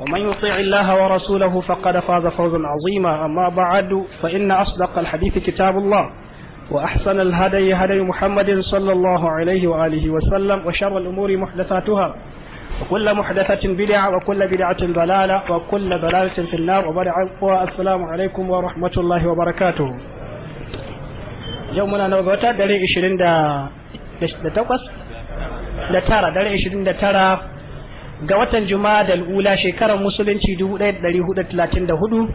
ومن يطيع الله ورسوله فقد فاز فوزا عظيما أما بعد فإن أصدق الحديث كتاب الله وأحسن الهدي هدي محمد صلى الله عليه وآله وسلم وشر الأمور محدثاتها وكل محدثة بدعة وكل بدعة ضلالة وكل ضلالة في النار والسلام عليكم ورحمة الله وبركاته يومنا نوغوتا دا تارا دليل tara دا تارا ga watan juma'a da ula shekarar musulunci 1434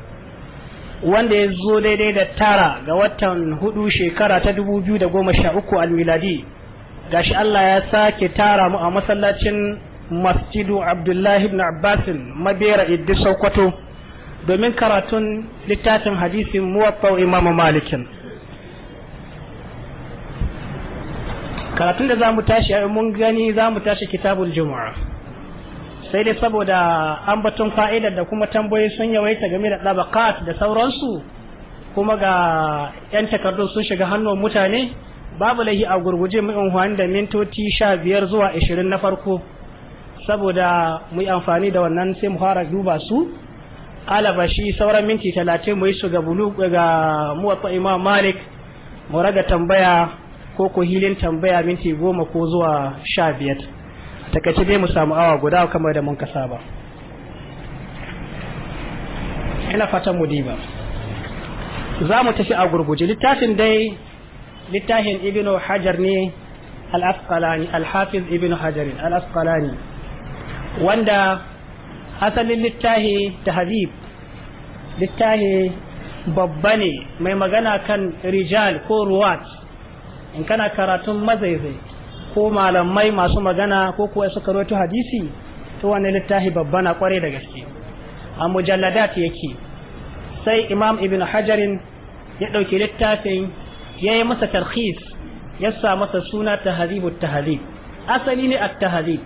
wanda ya zo daidai da tara ga watan hudu shekara ta 2013 almiladi gashi Allah ya sake tara mu a masallacin masjidu abdullahi ibn abbasin mabera iddi sokoto domin karatun littafin hadisin muwaffau imamu malikin karatun da za mu tashi mun gani za mu tashi kitabul juma'a sai dai saboda batun fa'idar da kuma tambayoyi sun yawaita game da ɗabakat da sauransu kuma ga 'yan takardun sun shiga hannun mutane babu laifi a gurguje mu unhuwan da mintoci sha biyar zuwa ashirin na farko saboda mu yi amfani da wannan sai mu fara duba su alaba shi sauran minti talatin mu yi su ga bulu ga muwatsa imam malik mu raga tambaya ko ko hilin tambaya minti goma ko zuwa sha biyar takaice dai mu samu awa guda kamar da mun kasa ba ina fatan mu diba za mu tafi a gurguje littafin dai littafin ibnu hajar ne al-asqalani al-hafiz ibnu hajar al-asqalani wanda asalin littafi tahzib littafi babba ne mai magana kan rijal ko ruwat in kana karatun mazaizai ko malamai masu magana ko kuwa suka rotu hadisi to wani littafi babba na kware da gaske a mujalladat yake sai imam ibn hajarin ya ɗauki littafin ya yi masa tarhis ya sa masa suna tahadibu tahadib asali ne a tahadib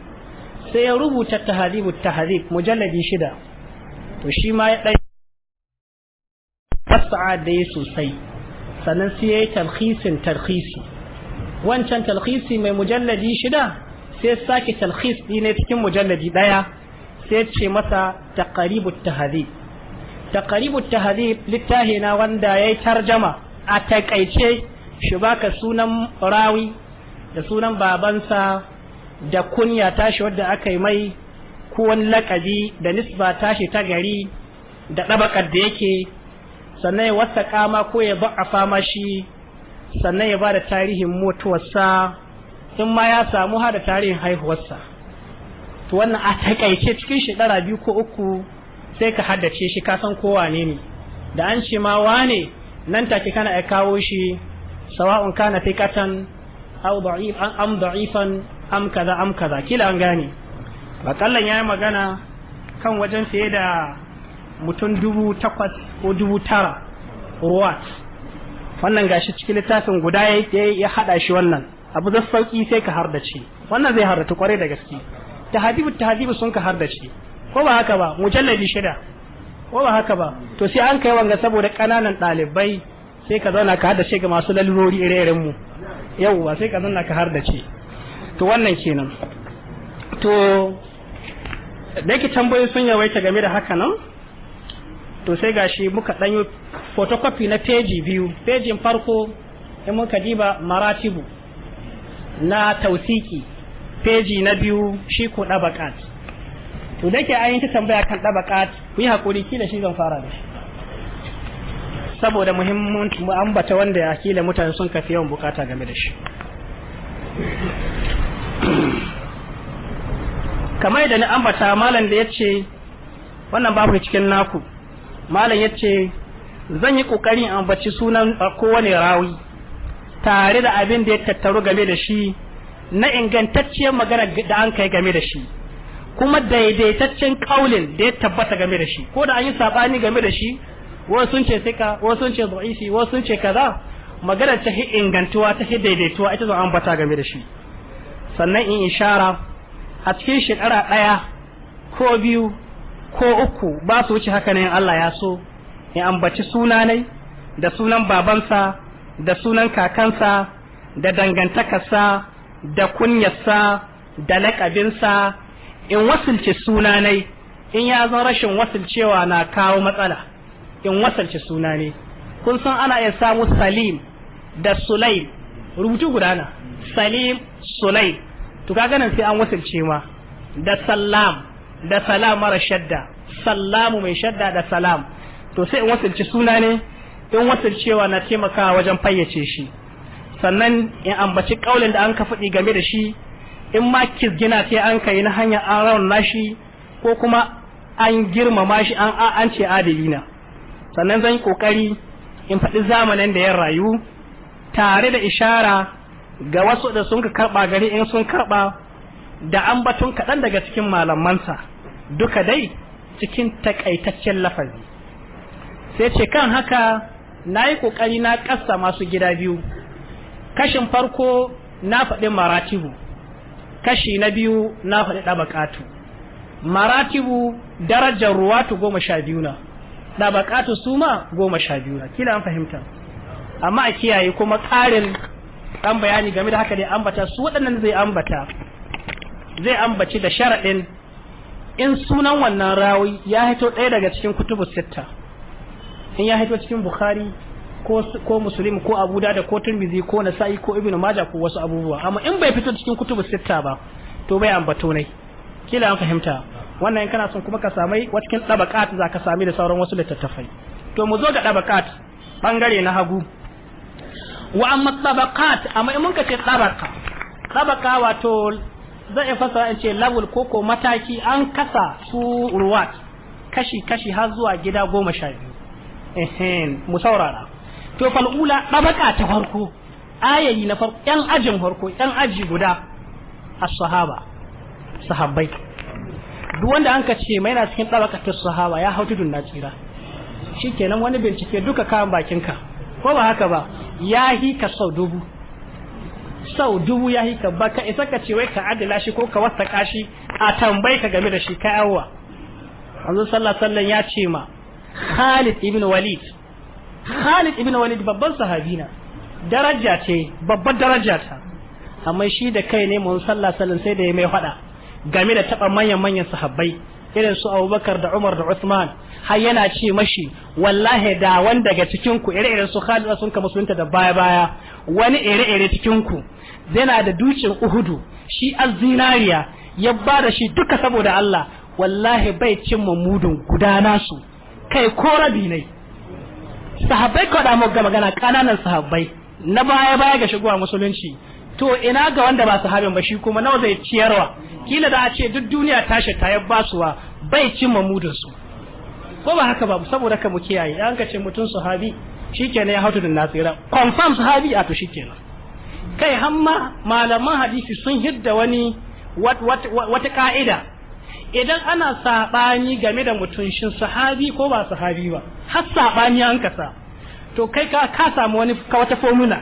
sai ya rubuta tahadibu tahadib mujalladi shida to shi ma ya ɗai fasa'a da ya sosai sannan sai ya yi tarhisin tarhisi wancan talhisi mai mujalladi shida sai sake talhis ne cikin mujalladi daya sai ce masa taqribut tahdhib taqribut tahdhib littahi na wanda yayi tarjama a taƙaice shi baka sunan rawi da sunan babansa da kunya tashi wadda aka yi mai ko wani lakabi da nisba tashi ta gari da ɗabakar da yake sannan ya wasa kama ko ya ba'afa ma shi sannan ya ba da tarihin mutuwarsa in ma ya samu hada tarihin haihuwarsa to wannan a takaice cikin shekara biyu ko uku sai ka haddace shi ka san kowa ne ne da an ce ma wane nan take kana ya kawo shi sawa'un kana fikatan aw da'if am da'ifan am kaza am kaza kila an gane ya yi magana kan wajen fiye da mutum dubu takwas ko dubu tara ruwat wannan gashi cikin littafin guda ya haɗa shi wannan abu zai sauki sai ka hardace wannan zai hardatu kwarai da gaske tahadibu tahadibu sun ka hardace ko ba haka ba mujalladi shida ko ba haka ba to sai an kai wanga saboda kananan ɗalibai sai ka zauna ka ce ga masu lalurori ire-iren mu ba sai ka zauna ka hardace to wannan kenan to da ke tambayoyi sun yawaita game da haka nan to sai gashi muka ɗanyo photocopy na peji biyu pejin farko in muka diba maratibu na tausiki peji na biyu shi ko ɗabaƙat to da ke an ta tambaya kan ɗabaƙat ku yi haƙuri da shi zan fara da shi saboda muhimmin ambata wanda ya kila mutane sun kafi yawan bukata game da shi kamar da ni ambata malam da ya ce wannan babu cikin naku malam yace zan yi kokarin ambaci sunan kowane rawi tare da abin da ya tattaru game da shi na ingantacciyar magana da an kai game da shi kuma daidaitaccen kaulin da ya tabbata game da shi ko da an yi sabani game da shi wasu sun ce sika wasu sun ce wasu sun ce kaza magana ta hi ingantuwa ta hi daidaituwa ita zan ambata game da shi sannan in ishara a cikin shekara ɗaya ko biyu ko uku ba su wuce haka ne Allah ya so ya ambaci sunanai da sunan babansa da sunan kakansa da dangantakarsa da kunyarsa da laƙabinsa in wasulce sunanai in ya zan rashin wasulcewa na kawo matsala in wasulce sunanai kun san ana iya samu salim da sulaim rubutu gudana salim sulaim to kaga nan sai an wasulce ma da sallam da salam mara shadda sallam mai shadda da salam to sai in wasilci suna ne in wasilcewa na taimaka wajen fayyace shi sannan in ambaci kaulin da an ka faɗi game da shi in ma kizgina sai an kai na hanyar an raunna shi ko kuma an girmama shi an an ce adalina sannan zan yi kokari in faɗi zamanin da ya rayu tare da ishara ga wasu da sun ka karɓa gari in sun karɓa da ambaton kaɗan daga cikin malamansa duka dai cikin takaitaccen lafazi sai ce kan haka na yi ƙoƙari na ƙasa masu gida biyu kashin farko na faɗi maratibu kashi na biyu na faɗi ɗabaƙatu maratibu darajar ruwatu goma sha biyu na ɗabaƙatu su ma goma sha biyu na kila an fahimta amma a kiyaye kuma ƙarin ɗan bayani game da haka ne ambata su waɗannan zai ambata zai ambaci da sharaɗin in sunan wannan rawi ya hito ɗaya daga cikin kutubu sitta in ya hito cikin bukhari ko ko ko abu da ko turmizi ko nasa'i ko ibnu Maja ko wasu abubuwa amma in bai fito cikin kutubu sitta ba to bai ambato ne kila an fahimta wannan in kana son kuma ka samai cikin dabaqat za ka sami da sauran wasu littattafai to mu zo ga dabaqat bangare na hagu wa amma dabaqat amma in mun ka ce dabaqa dabaqa wato zai iya fasara in ce level koko mataki an kasa su ruwat kashi kashi har zuwa gida goma sha biyu ehem mu saurara to fal'ula ɗabaka ta farko ayayi na farko yan ajin farko yan aji guda as-sahaba sahabbai duk wanda an ka ce mai na cikin ɗabaka ta sahaba ya hau tudun na tsira shikenan wani bincike duka kayan bakinka ko ba haka ba ya hi ka sau dubu sau dubu ya yi ba ka isa ka ce wai ka adala shi ko ka wasaka kashi a tambayi ka game da shi ka yawa manzo sallallahu alaihi ya ce ma Khalid ibn Walid Khalid ibn Walid babban sahabi daraja ce babbar daraja ta amma shi da kai ne mun sallallahu sai da ya mai fada game da taba manyan manyan sahabbai irin su Abubakar da Umar da Usman har yana ce mashi wallahi da wanda daga cikin ku ire-iren su Khalid sun ka musulunta da baya baya wani ire-ire cikinku. yana da dukin uhudu shi azinariya ya ba da shi duka saboda Allah wallahi bai cin mamudun gudana su kai ko rabi ne sahabbai kada mu ga magana kananan sahabbai na baya baya ga shigowa musulunci to ina ga wanda ba sahabin ba shi kuma nawa zai ciyarwa kila da a ce duk duniya tashi ta yabba wa bai cin mamudun su ko ba haka ba saboda ka mu kiyaye an ga ce mutun sahabi shikenan ya hautu da nasira confirm sahabi a to shikenan kai hamma malaman hadisi sun hidda wani wata ka'ida idan ana saɓani game da mutum sahabi ko ba sahabi ba har saɓani an kasa to kai ka ka samu wani ka wata formula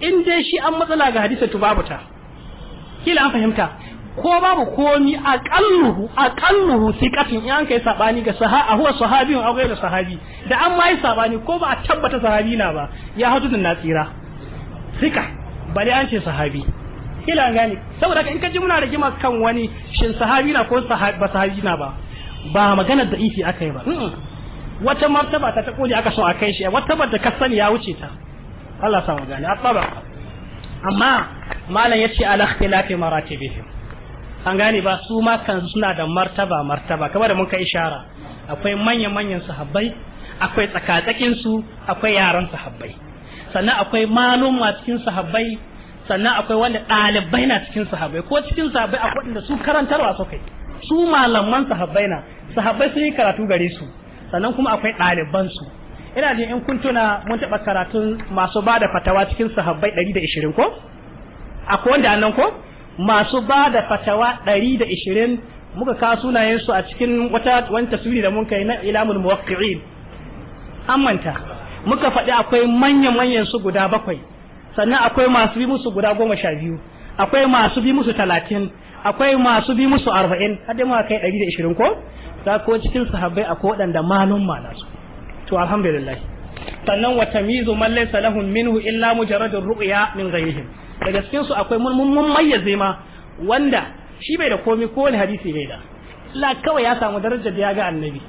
in dai shi an matsala ga hadisa to babu ta kila an fahimta ko babu komi a a aqalluhu siqatin in an kai sabani ga saha a huwa sahabi aw ghayru sahabi da an mai sabani ko ba a tabbata sahabi na ba ya hadu da na tsira sika bale an ce sahabi kila gane saboda in ka ji muna rigima kan wani shin sahabi na ko ba sahabi na ba ba magana da ifi aka yi ba wata martaba ta ta koli aka so a kai shi wata ba da ka sani ya wuce ta Allah sa magana asaba amma malam yace ala ikhtilafi maratibihim an gane ba su ma kansu suna da martaba martaba kamar da mun kai ishara akwai manyan manyan sahabbai akwai tsakatsakin su akwai yaran sahabbai sannan akwai maluma cikin sahabbai sannan akwai wanda ɗalibai na cikin sahabbai ko cikin sahabbai akwai wanda su karantarwa su kai su malaman sahabbai na sahabbai sun yi karatu gare su sannan kuma akwai ɗaliban su ina jin in kun tuna mun taɓa karatun masu ba da fatawa cikin sahabbai ɗari da ishirin ko akwai wanda annan ko masu ba da fatawa ɗari da ishirin muka kawo su a cikin wata wani tasiri da mun kai na ilamul muwaqqi'in an manta muka faɗi akwai manya-manyan su guda bakwai sannan akwai masu bi musu guda goma sha biyu akwai masu bi musu talatin akwai masu bi musu arba'in har dai kai ɗari da ishirin ko za ko cikin sahabbai akwai waɗanda malum na su to alhamdulillah sannan wa tamizu man laysa lahum minhu illa mujarradur ru'ya min ghayrihim daga cikin su akwai mun mun mayyaze ma wanda shi bai da komai ko wani hadisi bai da la kawai ya samu darajar da ya ga annabi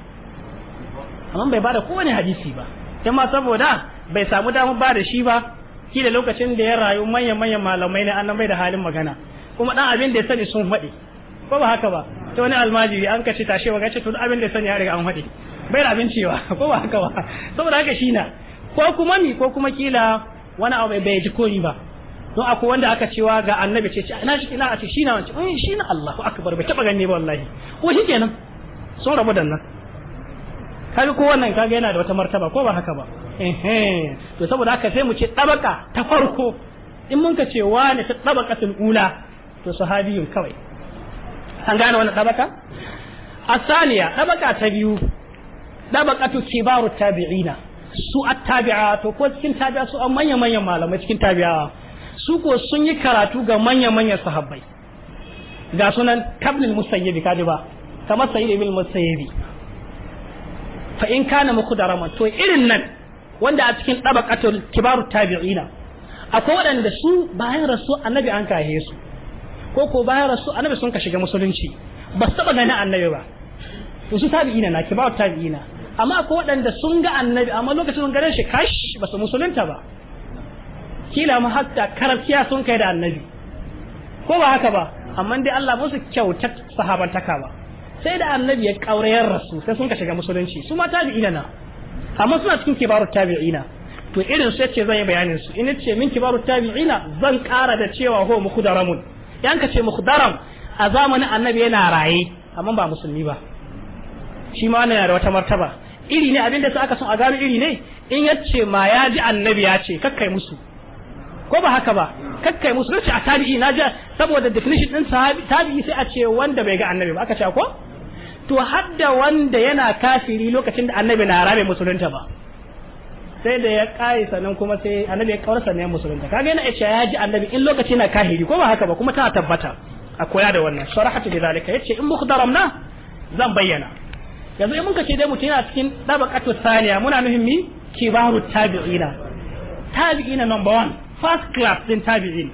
amma bai bada kowane hadisi ba ma saboda bai samu damar ba da shi ba da lokacin da ya rayu manyan manyan malamai ne annabai da halin magana kuma dan abin da ya sani sun faɗi ko ba haka ba ta wani almajiri an kace tashe wa gace to abin da ya sani ya riga an faɗi bai da cewa ko ba haka ba saboda haka shi na ko kuma ni ko kuma kila wani abu bai ji koyi ba don akwai wanda aka cewa ga annabi ce ce ina shi ina a ce shi na wancan eh, shi na Allahu akbar bai taba ganni ba wallahi ko shi kenan sun rabu da nan kaga ko wannan kaga yana da wata martaba ko ba haka ba eh to saboda haka sai mu ce tabaka ta farko in mun ka ce wani ta tabaqatul ula to sahabiyun kawai an gane wannan tabaka asaniya tabaka ta biyu tabaqatu kibaru tabi'ina su attabi'a to ko cikin tabi'a su an manya manyan malamai cikin tabi'a su ko sun yi karatu ga manya manyan sahabbai ga sunan kabnul musayyibi kadi ba kamar sayyid ibn musayyibi fa in kana muku da raman to irin nan wanda a cikin dabaqatul kibaru tabi'ina akwai waɗanda su bayan rasu annabi an kahe su ko ko bayan rasu annabi sun ka shiga musulunci ba su gani ganin annabi ba su tabi'ina na kibaru tabi'ina amma akwai waɗanda sun ga annabi amma lokacin sun gare shi kash ba su musulunta ba kila ma hatta karafiya sun kai da annabi ko ba haka ba amma dai Allah musu kyautar sahabantaka ba sai da annabi ya kaurayar rasu sai sun ka shiga musulunci su ma tabi'ina na amma suna cikin kibarut tabi'ina to irin su yace zan yi bayanin su in ce min kibarut tabi'ina zan kara da cewa ho mukhdaram yan ka ce mukhdaram a zamanin annabi yana raye amma ba musulmi ba shi ma yana da wata martaba iri ne abinda su aka son a gano iri ne in yace ma ya ji annabi ya ce kakkai musu ko ba haka ba kakkai musu ce a tabi'i na ji saboda definition din tabi'i sai a ce wanda bai ga annabi ba aka ce ko to hadda wanda yana kafiri lokacin da annabi na rabe musulunta ba sai da ya kai sannan kuma sai annabi ya kawar sannan musulunta kaga yana yace ya ji annabi in lokaci na kafiri ko ba haka ba kuma ta tabbata a koya da wannan sharahatu da zalika yace in na zan bayyana yanzu in muka ce dai mutum yana cikin dabaqatu thaniya muna muhimmi mi kibaru tabi'ina tabi'ina number 1 first class din tabi'in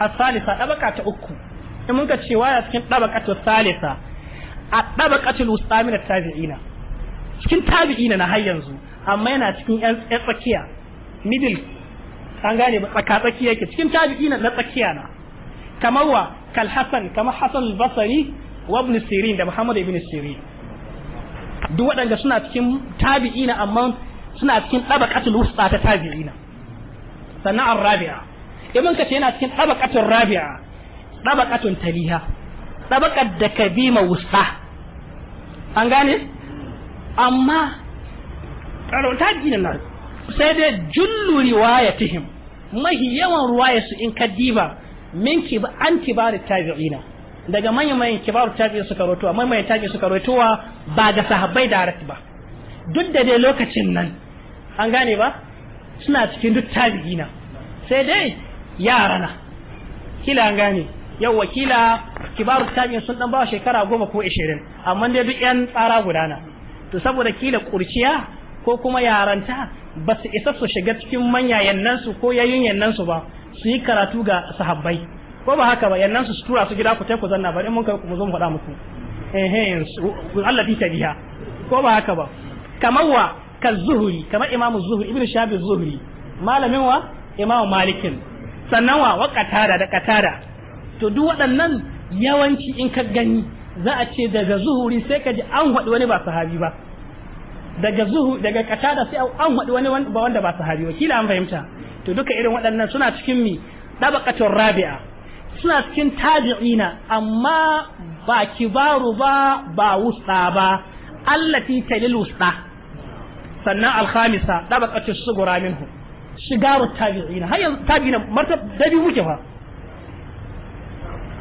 as-salisa dabaqa ta uku in muka ce waya cikin dabaqa ta salisa a daba katil ustamin tabi'ina cikin tabi'ina na har yanzu amma yana cikin yan tsakiya middle an gane ba tsaka tsakiya yake cikin tabi'ina na tsakiya na kamar wa kal hasan kamar hasan Basari wa ibn sirin da muhammad ibn sirin duk waɗanda suna cikin tabi'ina amma suna cikin tabaqatul wusta ta tabi'ina sannan ar-rabi'a ibn kace yana cikin tabaqatul rabi'a tabaqatun taliha tabaqat da kabima wusta an gane amma ta gina nan sai dai jullu riwayatihim mahi yawan ruwaya su in kadiba min kiba an kibari tabi'ina daga manyan manyan kibaru tabi'in suka rotuwa manyan manyan tabi'in suka rotuwa ba ga sahabbai da ba duk da dai lokacin nan an gane ba suna cikin duk tabi'ina sai dai yarana kila an gane yau wakila kibaru tabi'in sun dan ba shekara goma ko ishirin amma dai duk yan tsara gudana to saboda kila kurciya ko kuma yaranta ba su isa su shiga cikin manyayen nan su ko yayin nan su ba su yi karatu ga sahabbai ko ba haka ba yannan su tura su gida ku tai ku zanna bari mun kai ku zo mu faɗa muku eh eh Allah bi tabiha ko ba haka ba kamar wa ka kazuhuri kamar imamu zuhuri ibnu shabi zuhuri malamin wa imamu malikin sannan wa wa qatada da qatada to duk waɗannan yawanci in ka gani za a ce daga zuhuri sai ka ji an haɗu wani ba sahabi ba daga zuhu daga katada sai an haɗu wani ba wanda ba sahabi ba kila an fahimta to duka irin waɗannan suna cikin mi ɗabakatun rabi'a suna cikin tabi'ina amma ba kibaru ba ba wusta ba allati talil wusta sannan alkhamisa ɗabakatun sugura minhu shigaru tabi'ina har yanzu tabi'ina da biyu muke fa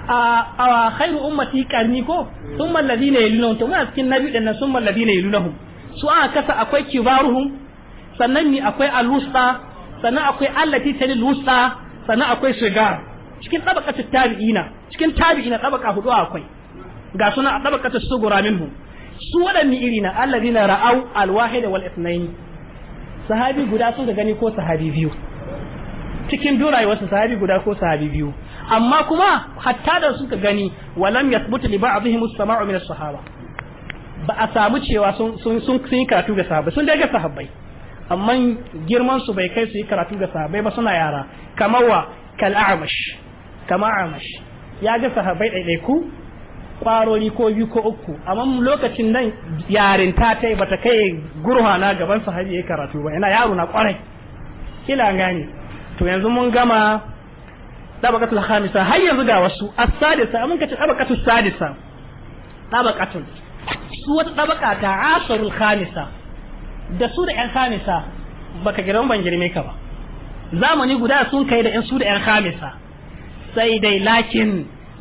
a khairu ummati karni ko thumma alladhina yalunhum to ma cikin nabi dan thumma alladhina yalunhum su aka kasa akwai kibaruhum sannan ni akwai alusta sannan akwai allati tali lusta sannan akwai shigar cikin ta tabi'ina cikin tabi'ina tabaka hudu akwai ga suna a tabaqatu sugura minhum su wadanni na alladhina ra'au alwahid wal ithnain sahabi guda sun ga gani ko sahabi biyu cikin wasu sahabi guda ko sahabi biyu amma kuma hatta da suka gani walam yathbutu li ba'dihim as-sama'u min as-sahaba ba a samu cewa sun sun sun karatu ga sahabbai sun daga sahabbai amma girman su bai kai su yi karatu ga sahabbai ba suna yara kamar wa kal a'mash kamar a'mash ya ga sahabbai ku kwarori ko biyu ko uku amma lokacin nan yarinta ta yi bata kai na gaban sahabi ya karatu ba ina yaro na kwarai kila gani to yanzu mun gama tabaqatul khamisa har yanzu ga wasu as-sadisa mun kace tabaqatul sadisa tabaqatul su wata tabaqa ta asarul khamisa da su da yan khamisa baka girma ban girme ka ba zamani guda sun kai da yan su da yan khamisa sai dai lakin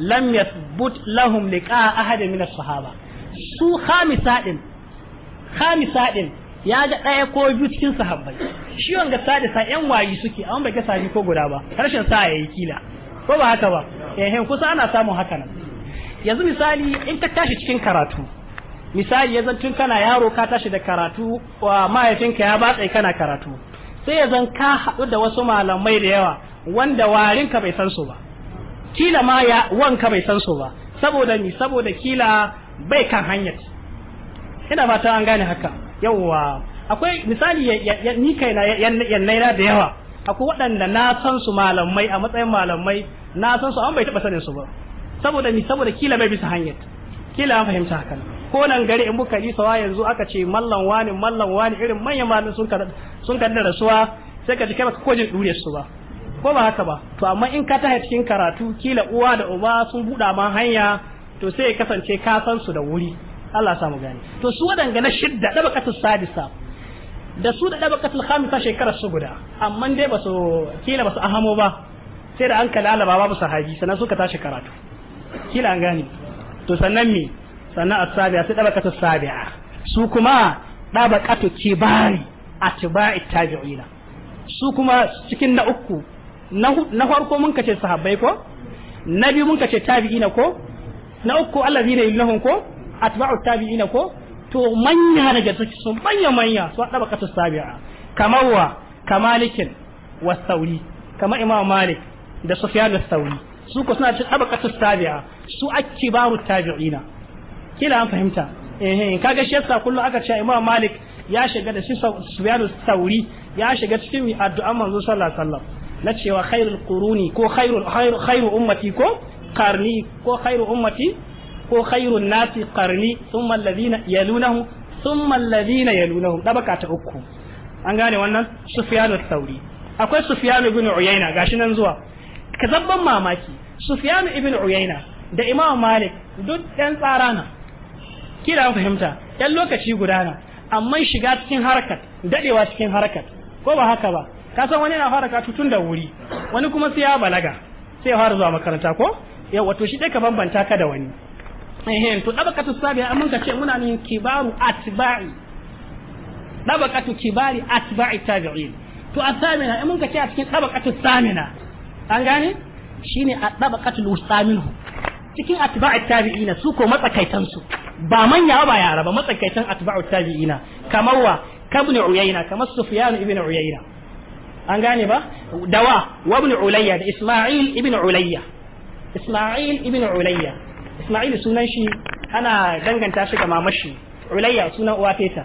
lam yathbut lahum liqa ahadin min as-sahaba su khamisa din khamisa din ya ga ɗaya ko biyu cikin sahabbai shi wanga da sa yan wayi suke an bai ga sabi ko guda ba harshen sa ya yi kila ko ba haka ba eh kusa ana samun haka nan yanzu misali in ka tashi cikin karatu misali ya zan tun kana yaro ka tashi da karatu wa mahaifinka ya batsa kana karatu sai ya zan ka haɗu da wasu malamai da yawa wanda warin ka bai san su ba kila ma ya wanka bai san su ba saboda ni saboda kila bai kan hanyar ina fata an gane haka yawwa akwai misali ni kai na naira da yawa akwai waɗanda na san su malamai a matsayin malamai na san su an bai taɓa sanin su ba saboda ni saboda kila bai bisa hanyar kila an fahimta hakan ko nan gari in muka yi sawa yanzu aka ce mallan wani mallan wani irin manyan malamai sun ka sun ka da rasuwa sai ka ji kai baka ko jin dure su ba ko ba haka ba to amma in ka tashi cikin karatu kila uwa da uba sun buɗa ma hanya to sai ya kasance ka san su da wuri Allah ya samu gani to su wadanga na shidda da bakatul sadisa da su da dabaqatul khamisa shekarar su guda amma dai ba su kila ba su ahamo ba sai da an kala ba babu sahaji sannan suka tashi karatu kila an gane to sannan me sannan as-sabi'a sai dabaqatul sabi'a su kuma dabaqatul kibari atba'i tabi'ina su kuma cikin na uku na farko mun kace sahabbai ko na biyu mun kace tabi'ina ko na uku allazina yunhum ko atba'u tabi'ina ko to manya daga cikin sun manya manya su haɗa baka su kamar wa kamalikin wa sauri kamar imam malik da sufyan da sauri su ko suna cikin abaka tabi'a su tabi'ina kila an fahimta eh kaga shi yasa aka ce imam malik ya shiga da shi sufyan sauri ya shiga cikin addu'a manzo sallallahu alaihi wasallam na cewa khairul quruni ko khairul khairu ummati ko karni ko khairu ummati ko khairun nasi qarni thumma alladhina yalunahum thumma alladhina yalunahum baka ta uku an gane wannan sufyan al-thawri akwai sufyan ibn uyayna gashi nan zuwa Ka kazabban mamaki sufyan ibn uyayna da imam malik duk dan tsara na kira fahimta dan lokaci gudana amma shiga cikin harkat dadewa cikin harkat ko ba haka ba ka san wani na fara katu tun da wuri wani kuma sai ya balaga sai ya fara zuwa makaranta ko yau wato shi dai ka bambanta ka da wani ehem to dabaqatu a mun ka ce muna nin kibaru atba'i dabaqatu kibari atba'i tabi'in to asamina in mun ka ce a cikin daba dabaqatu samina an gane shine a daba dabaqatu lusaminu cikin atba'i tabi'ina su ko matsakaitan su ba manya ba yara ba matsakaitan atba'u tabi'ina kamar wa kabni uyayna kamar sufyan ibn uyayna an gane ba dawa wa ibn ulayya da isma'il ibn ulayya isma'il ibn ulayya Isma'il sunan shi ana danganta shi ga mamashi Ulayya sunan uwa feta.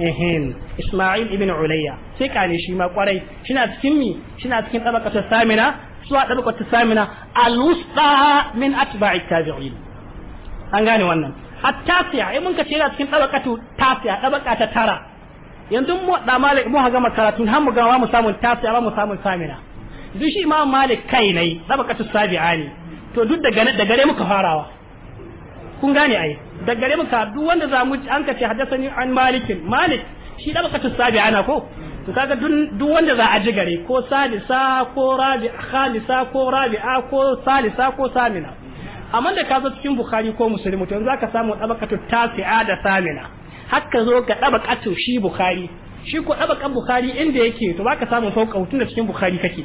ehem Isma'il ibn Ulayya sai kane shi ma kwarai shina cikin mi shina cikin ta samina suwa ta samina al-wusta min atba'i tabi'in an gane wannan at-tasi'a ai mun kace yana cikin ta tasi'a tsabaka ta tara yanzu mu da malik mu haga makaratun har mu ga mu samu tasi'a ba mu samu samina duk shi imam malik kai ne tabaqatu sabi'a ne to duk daga daga gare muka farawa kun gane ai da gare ka duk wanda za mu an ka ce haddathani an malikin malik shi da baka sabi ana ko to kaga duk wanda za a ji gare ko salisa ko rabi khalisa ko rabi'a ko salisa ko samina amma da ka zo cikin bukhari ko muslim to yanzu ka samu dabakatu tasi'a da samina hakka zo ka ga dabakatu shi bukhari shi ko dabakan bukhari inda yake to baka samu fauka hutun da cikin bukhari kake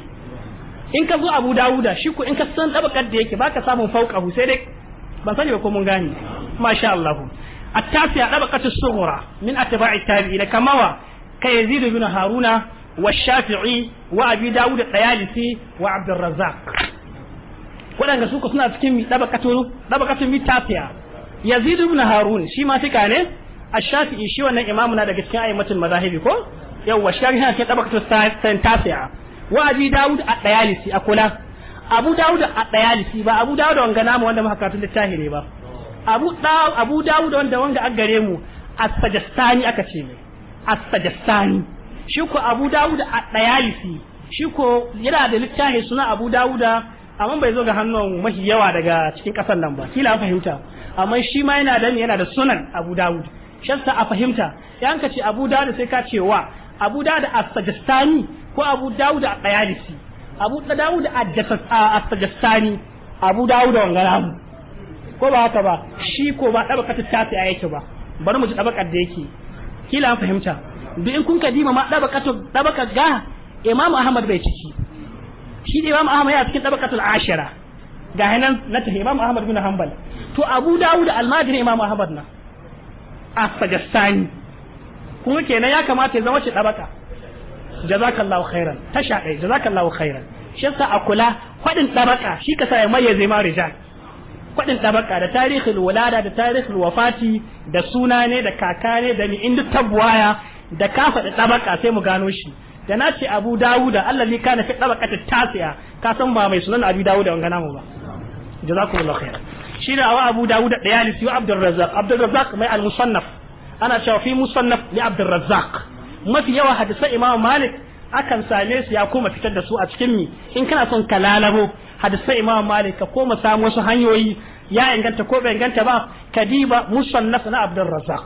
in ka zo abu dawuda shi ko in ka san dabakar da yake baka samu fauka hu sai dai ban sani ba ko mun gane masha Allah التاسع طبقة الصغرى من أتباع التابعين كما هو waɗanda suka suna cikin ɗabakatun mitasiya yazid ibn harun shi ma fika ne a shafi'i shi wannan imamu na daga cikin ayyamatun mazahibi ko yawwa shafi'i na cikin ɗabakatun tasiya wa abi a ɗayalisi a kula abu dawud a dayalisi ba abu dawud wanga namu wanda muka karatu da tahire ba abu dawud abu dawud wanda wanga a gare mu as-sajastani aka ce mai as-sajastani shi ko abu dawud a dayalisi shi ko yana da littafi suna abu dawud amma bai zo ga hannun mafi yawa daga cikin ƙasar nan ba kila an fahimta amma shi ma yana da yana da sunan abu dawud shasta a fahimta Yanka ce abu dawud sai ka ce wa abu dawud as-sajastani ko abu dawud a dayalisi abu da dawo da astajassani abu dawo da wangara ko ba haka ba shi ko ba ɗabaka ta tafi a yake ba bari mu ji ɗabakar da yake kila an fahimta duk in kun kadima ma ɗabaka ɗabaka ga imam ahmad bai ciki shi da imam ahmad ya cikin ɗabakatul ashira ga hanan na ta imam ahmad bin hanbal to abu dawud almajiri imam ahmad na astajassani kuma kenan ya kamata ya zama shi ɗabaka jazakallahu khairan tasha ɗaya jazakallahu khairan shi yasa a kula kwadin tabaka shi ka sa ya mayyaze ma rijal kwadin tabaka da tarihul wulada da tarihul wafati da suna ne da kaka ne da ni inda tabwaya da ka faɗi tabaka sai mu gano shi da na ce abu dawuda allah ne kana fi tabaka ta tasiya ka san ba mai sunan abu dawuda wanga namu ba jazakumullahu khairan shi da awa abu dawuda da yalisi wa abdurrazzaq abdurrazzaq mai al-musannaf ana cewa fi musannaf li abdurrazzaq mafi yawa hadisan imam malik akan same su ya koma fitar da su a cikin mi in kana son ka lalabo hadisan imam malik ka koma samu wasu hanyoyi ya inganta ko bai inganta ba kadiba musannaf na abdul razzaq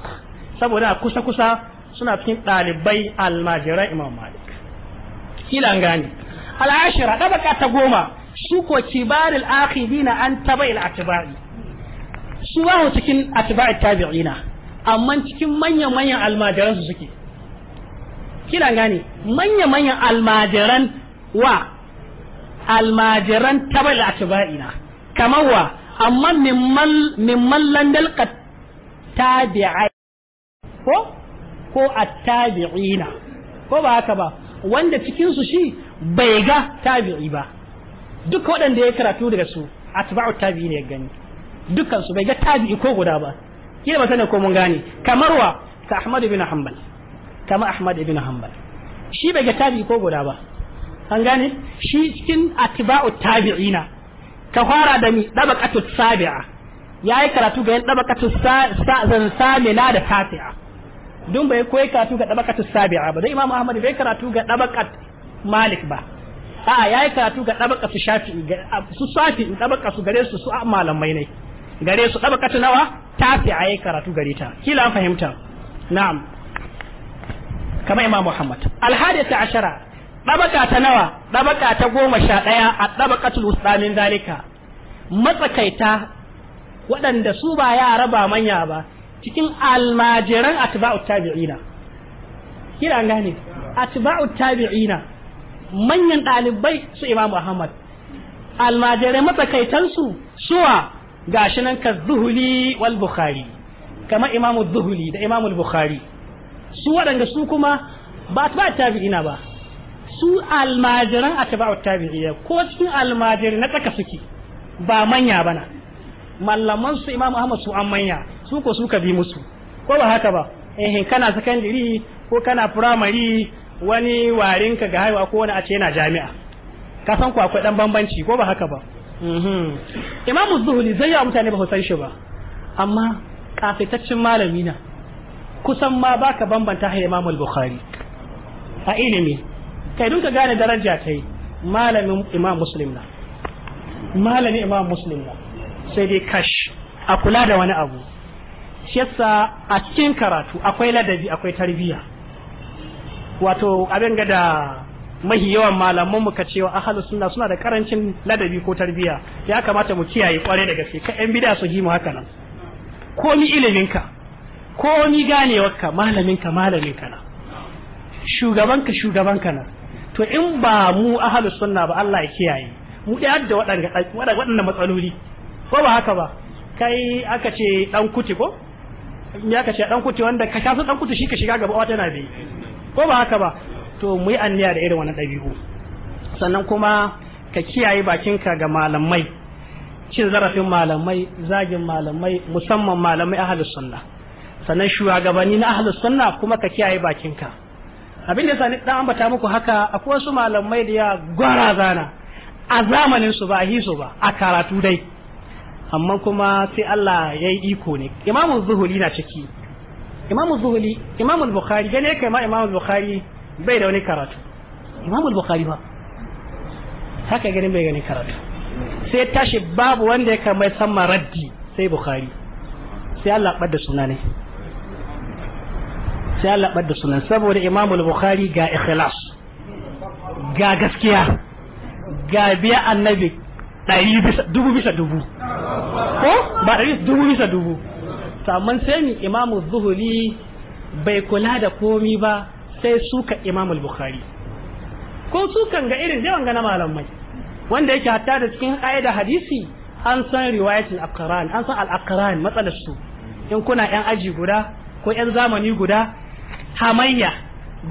saboda kusa kusa suna cikin ɗalibai almajiran imam malik kila gani al'ashira ɗabaka ta goma su ko kibaril akhidina an tabai al'atibai su wahu cikin atibai tabi'ina amma cikin manyan manyan almajiran su suke kina gane manya manyan almajiran wa almajiran tabal atba'ina kamar wa amma mimman mimman landal tabi'ai ko ko attabi'ina ko ba haka ba wanda cikinsu shi bai ga tabi'i ba duk waɗanda ya karatu daga su atba'u tabi'i ne ya gani dukansu bai ga tabi'i ko guda ba kila ba sanin ko mun gane kamar wa ka Ahmadu bin Hanbal kama Ahmad ibn Hanbal shi bai ga tabi ko guda ba an gane shi cikin atiba'u tabi'ina ka fara da mi dabaqatu sabi'a yayi karatu ga yan dabaqatu sa'zan samina da tafi'a dun bai koyi karatu ga dabaqatu sabi'a ba dai Imam Ahmad bai karatu ga dabaqat Malik ba a'a yayi karatu ga dabaqatu Shafi'i ga su Shafi'i dabaqatu gare su su malamai ne gare su dabaqatu nawa tafi'a yayi karatu gare ta kila fahimta na'am kamar imam muhammad ta ashara ɗabaka ta nawa ɗabaka ta goma sha ɗaya a ɗabakatul uslamin zalika matsakaita waɗanda su ba yara ba manya ba cikin almajiran atba'u tabi'ina kira gane atba'u tabi'ina manyan ɗalibai su imam muhammad almajirai matsakaitansu suwa gashi nan ka zuhuli wal bukhari kama imamu zuhuli da imamul bukhari su waɗanda su kuma ba ta tabi'ina ba su almajiran a tabi'u tabi'iyya ko cikin almajiri na tsaka suke ba manya bana mallaman su imamu ahmad su an manya su ko suka bi musu ko ba haka ba eh kana sakandiri ko kana firamare wani warinka ga haihuwa ko wani a ce yana jami'a ka san ku akwai dan bambanci ko ba haka ba mhm. imamu zuhuli zai wa mutane ba san shi ba amma kafetaccen malami na kusan ma baka bambanta ha Imam al-Bukhari a ilimi kai dun ka gane daraja ta yi malamin Imam Muslim na malamin Imam Muslim na sai dai kash a kula da wani abu shi yasa a cikin karatu akwai ladabi akwai tarbiyya wato abin ga da mahi yawan malaman muka cewa ahalus sunna suna da karancin ladabi ko tarbiyya ya kamata mu kiyaye kware da gaske ka yan bid'a su himu haka nan komi ilimin ka ko ni ganewarka malamin ka malamin ka na shugaban ka shugaban ka na to in ba mu ahlus sunna ba Allah ya kiyaye mu da yadda waɗanda waɗanda matsaloli ko ba haka ba kai aka ce dan kuti ko me aka ce dan kuti wanda ka shafi dan kuti shi ka shiga gaba wata na bi ko ba haka ba to mu yi anniya da irin wannan ɗabi'u sannan kuma ka kiyaye bakinka ga malamai cin zarafin malamai zagin malamai musamman malamai ahlus sunna sannan shugabanni na ahlus sunna kuma ka kiyaye bakinka abin da sani dan ambata muku haka akwai wasu malamai da ya gwara zana a zamanin su ba a hiso ba a karatu dai amma kuma sai Allah ya yi iko ne imamu zuhuli na ciki imamu zuhuli imamu bukhari gane kai ma imamu bukhari bai da wani karatu imamu bukhari ba haka gani bai gani karatu sai tashi babu wanda ya kamar sama raddi sai bukhari sai Allah ɓadda suna ne sai Allah bar da sunan saboda Imam al-Bukhari ga ikhlas ga gaskiya ga biya annabi ɗari bisa dubu bisa dubu ko ba ɗari dubu bisa dubu to amma sai ni Imam Zuhuri bai kula da komi ba sai suka Imam al-Bukhari ko sukan ga irin da wanga na malamai wanda yake hatta da cikin da hadisi an san riwayatul aqran an san al-aqran matsalar su in kuna yan aji guda ko yan zamani guda hamayya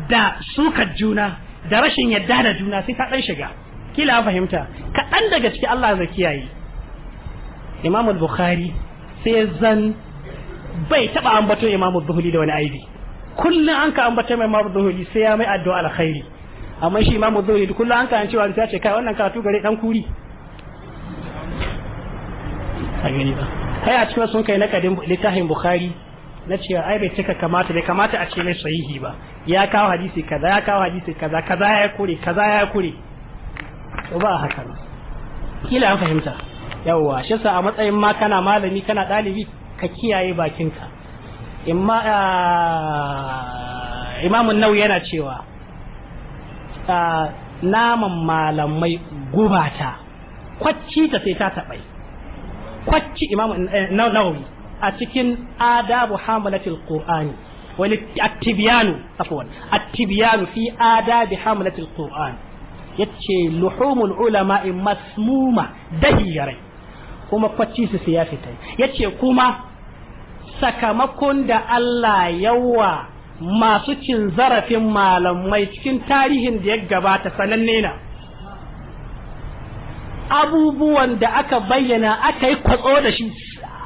da sukar juna da rashin yadda da juna sai ka dan shiga kila fahimta kaɗan daga ciki Allah zai kiyaye Imam Bukhari sai zan bai taba ambato Imam al Bukhari da wani aibi kullun an ka ambata mai Imam al Bukhari sai ya mai addu'a alkhairi amma shi Imam al-Duhuli Bukhari kullun an ka an cewa ya ce kai wannan karatu gare dan kuri a gani ba kai a cikin sun kai na kadin littafin Bukhari na ce ai bai cika kamata bai kamata a ce mai sahihi ba ya kawo hadisi kaza ya kawo hadisi kaza kaza ya kure kaza ya kure to ba haka kila an fahimta yawwa shi yasa a matsayin ma kana malami kana dalibi ka kiyaye bakinka imma imamun nau yana cewa naman malamai gubata kwacci ta sai ta tabai kwacci imamun eh, nau a cikin adabu hamilatul qur'ani wani attibiyanu afwan at fi adabi ya qur'an yace luhumul ulama masmuma yare kuma kwacci su ya fita yace kuma sakamakon da Allah yawa masu cin zarafin malamai cikin tarihin da ya gabata sananne na abubuwan da aka bayyana aka yi kwatso da shi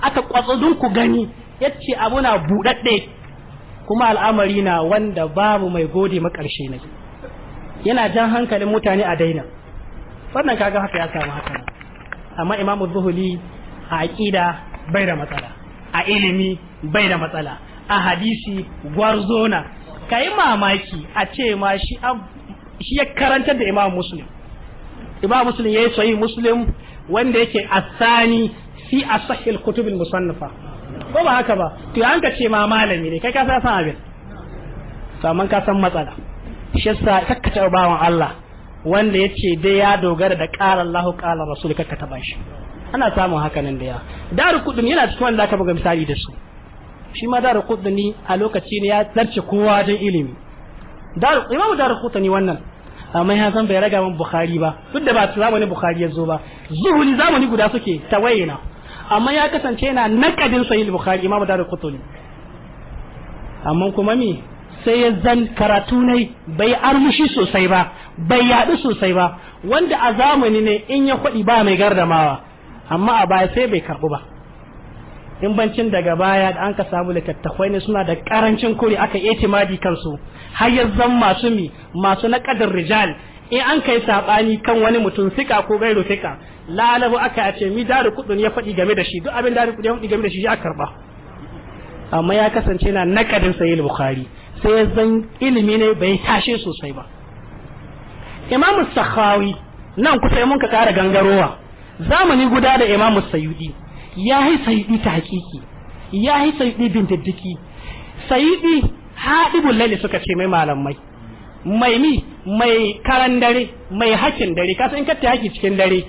aka kwatso dun ku gani yace abu na budadde kuma al'amari na wanda babu mai gode makarshe ne yana jan hankalin mutane a daina wannan kaga haka ya samu haka amma imamu zuhuli a aqida bai da matsala a ilimi bai da matsala a hadisi gwarzona kai mamaki a ce ma shi shi ya karantar da imam muslim imam muslim yayi sahih muslim wanda yake asani fi asahil kutubin musannafa ko ba haka ba to an ka ce ma malami ne kai ka san abin to amma ka san matsala shi yasa kakka bawan Allah wanda ya ce dai ya dogara da ƙara Allah ƙara Rasul kakka taɓa shi ana samun hakanan da yawa daru kudin yana cikin wanda aka buga misali da su shi ma daru kudin a lokaci ne ya darce kowa wajen ilimi daru imamu daru kudin wannan amma ya san bai raga min bukhari ba duk da ba zamanin bukhari ya zo ba zuhuri zamani guda suke tawayyana amma ya kasance yana nakadin sahih bukhari imamu da kutuni amma kuma mi sai ya zan karatu ne bai armushi sosai ba bai yaɗu sosai ba wanda a zamani ne in ya kwaɗi ba mai gardamawa amma a baya sai bai karɓu ba in bancin daga baya da an ka samu littattafai ne suna da ƙarancin kuri aka yi itimadi kansu har ya zan masu mi masu naƙadar rijal in an kai sabani kan wani mutum sika ko gairu sika lalabu aka ce mi daru kudin ya faɗi game da shi duk abin daru kudin ya faɗi game da shi ya karba amma ya kasance na nakadin sahih bukhari sai zan ilimi ne bai tashe sosai ba Imam sakhawi nan kusa mun ka kara gangarowa zamani guda da imamu sayyidi ya yi sayyidi ta hakiki ya yi sayyidi bin diddiki sayyidi haɗibul suka ce mai malamai mai mi mai karan dare mai hakin dare kasu in katta ta haki cikin dare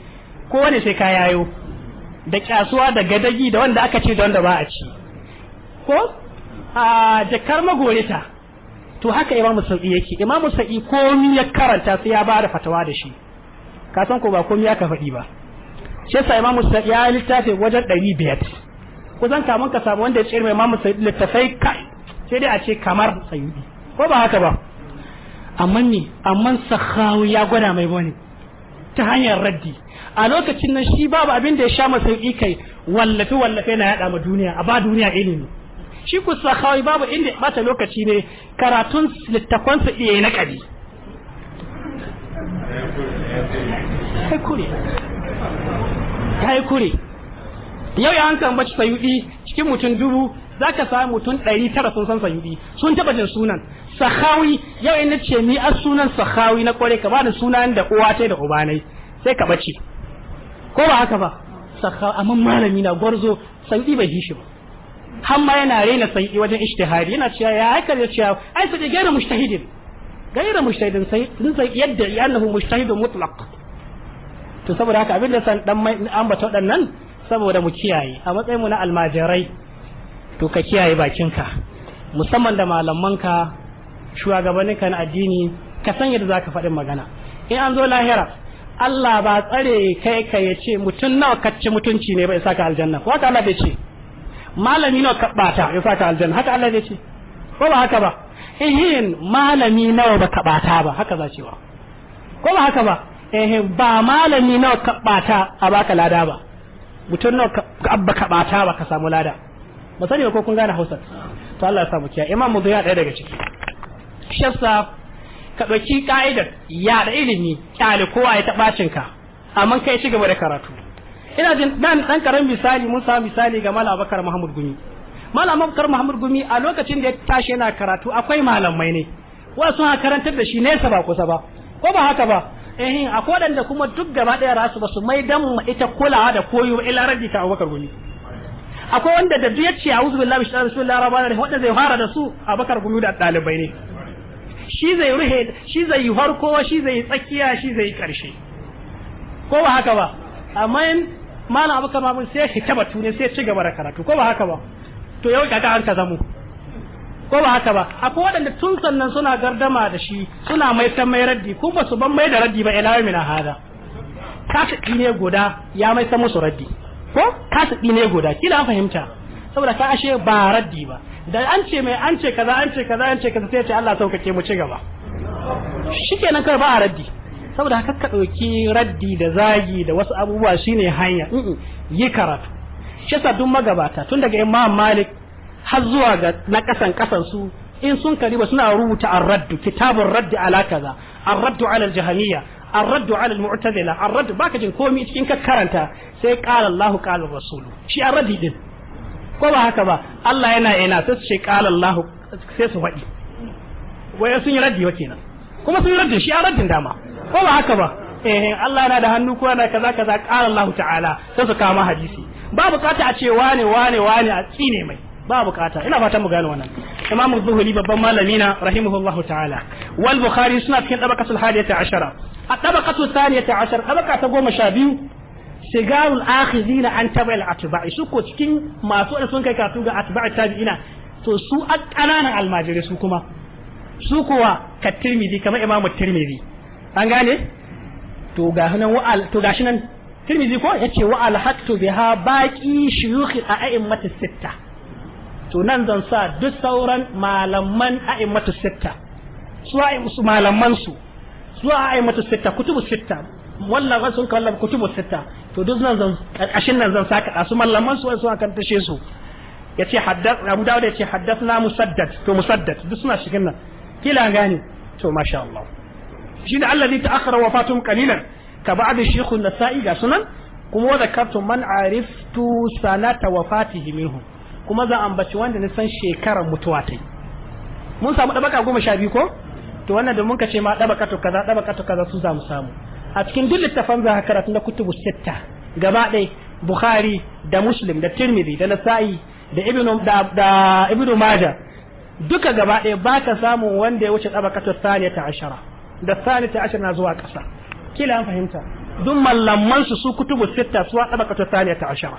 ko wani sai ka yayo da kyasuwa da gadagi da wanda aka ci da wanda ba a ci ko a jakar magorita to haka imamu sa'i yake imamu sa'i komi ya karanta sai ya ba da fatawa da shi ka san ko ba komi ya ka faɗi ba shi yasa imamu sa'i ya littafi wajen ɗari biyar kusan kamun ka samu wanda ya tsere mai imamu sa'i littafai kai sai dai a ce kamar sa'i ko ba haka ba amma ne amma sahawi ya gwada mai bane ta hanyar raddi a lokacin nan shi babu abin da ya sha masauki kai wallafe wallafe na yada ma duniya a ba duniya ilimi shi ku sahawi babu inda ya bata lokaci ne karatun littafansa iya na kadi kai yau ya hankan bacci sayudi cikin mutum dubu za ka samu mutum 900 sun san sayudi sun taba jin sunan sahawi yau in ce ni a sunan sahawi na kware ka bani sunan da uwa tai da uba nai sai ka bace ko ba haka ba sahawi amma malami na gwarzo sanki bai hishi ba hamma yana raina sanki wajen ijtihadi yana cewa ya aikar ya cewa ai sai gaira mujtahidin gaira mujtahidin sai din sai yadda annahu mujtahidun mutlaq to saboda haka abin da san dan mai dan nan saboda mu kiyaye a matsayin mu na almajirai to ka kiyaye bakinka musamman da malamanka shugabannin ka na addini ka san yadda ka faɗi magana in an zo lahira Allah ba tsare kai ka ya ce mutum nawa ka ci mutunci ne ba bai saka aljanna ko haka Allah bai ce malami nawa ka bata ya saka aljanna haka Allah bai ce ko ba haka ba ehin malami nawa ba ka bata ba haka za cewa ko ba haka ba ehin ba malami nawa ka bata a baka lada ba mutum nawa ka abba ka bata ba ka samu lada ba sani ko kun gane Hausa to Allah ya samu kiyaye imam mu ya daya daga ciki shafsa ka ɗauki ka'idar da ilimi ƙyale kowa ya taɓa ka amma kai ci gaba da karatu ina jin dan dan karan misali mun samu misali ga malam abakar muhammad gumi malam abakar muhammad gumi a lokacin da ya tashi yana karatu akwai malamai ne wasu suna karantar da shi nesa ba kusa ba ko ba haka ba eh a kodan da kuma duk gaba daya rasu ba su mai dan ita kulawa da koyo ila raddi ta abakar gumi akwai wanda da duk ya ce a'udhu billahi minash shaitanir rajim bismillahir rahmanir rahim wanda zai fara da su abakar gumi da ɗalibai ne shi zai ruhe shi zai yi farko shi zai yi tsakiya shi zai yi karshe ko ba haka ba amma in malam abu kama mun sai hita batu ne sai ci gaba da karatu ko ba haka ba to yau kaka an ka zamu ko ba haka ba akwai waɗanda tun sannan suna gardama da shi suna mai ta mai raddi ko ba su ban mai da raddi ba ila yau mina hada kasaɗi ne guda ya mai ta musu raddi ko kasaɗi ne guda kila an fahimta saboda ka ashe ba raddi ba da an ce mai an ce kaza an ce kaza an ce kaza sai ya ce Allah saukake mu ci gaba shikenan kar ba a raddi saboda haka ka ɗauki raddi da zagi da wasu abubuwa shine hanya yi karatu shi sa duk magabata tun daga Imam Malik har zuwa ga na kasan kasan su in sun kari ba suna rubuta ar-raddu kitabun raddi ala kaza ar-raddu ala al-jahmiyya al-mu'tazila ar-radd baka jin komai cikin ka karanta sai qala Allahu qala rasulu shi ar-radd din ko ba haka ba Allah yana ina sai su ce qala Allah sai su faɗi wai sun yi raddi wa kenan kuma sun yi raddi shi a raddin dama ko ba haka ba eh Allah yana da hannu ko yana kaza kaza qala Allah ta'ala sai su kama hadisi ba bukata a ce wane wane wane a tsine mai ba bukata ina fatan mu gane wannan imam az-zuhri babban malami na rahimahullahu ta'ala wal bukhari suna cikin dabaqatul hadiyata ashara a dabaqatul thaniyata ashar dabaqa ta goma sha biyu sigarul akhizina an tabayil atba'i su ko cikin masu da sun kai katu ga atba'i tabi'ina to su a ƙananan almajirai su kuma su kuwa ka tirmidhi kamar imamu tirmidhi an gane to ga nan wa'al to gashi nan tirmidhi ko yace wa'al haktu biha baqi shuyukh a'immatu sitta to nan zan sa duk sauran malaman a'immatu sitta su malaman su su a'immatu sitta kutubu sitta wallafa sun ka wallafa kutubu sita to duk nan zan ashin nan zan saka su mallaman su su akan tashe su ce haddath Abu Dawud yace haddathna musaddad to musaddad duk suna cikin nan kila gane to masha Allah shi da allazi ta'akhkhara wafatun qalilan ka ba'd shaykh an-nasa'i ga sunan kuma wa zakartu man ariftu sanata wafatihi minhum kuma zan ambaci wanda na san shekarar mutuwa ta mun samu dabaka goma sha biyu ko to wannan da mun ka ce ma dabaka to kaza dabaka to kaza su za mu samu a cikin duk littafan za ka karatu na kutubu sitta gaba ɗaya bukhari da muslim da tirmidhi da nasa'i da ibnu da, da ibnu majah duka gaba ɗaya ka samu wanda ya wuce tsabakatu saniyata ashara da saniyata ashara na zuwa ƙasa kila an fahimta duk mallaman su su kutubu sitta su tsabakatu saniyata ashara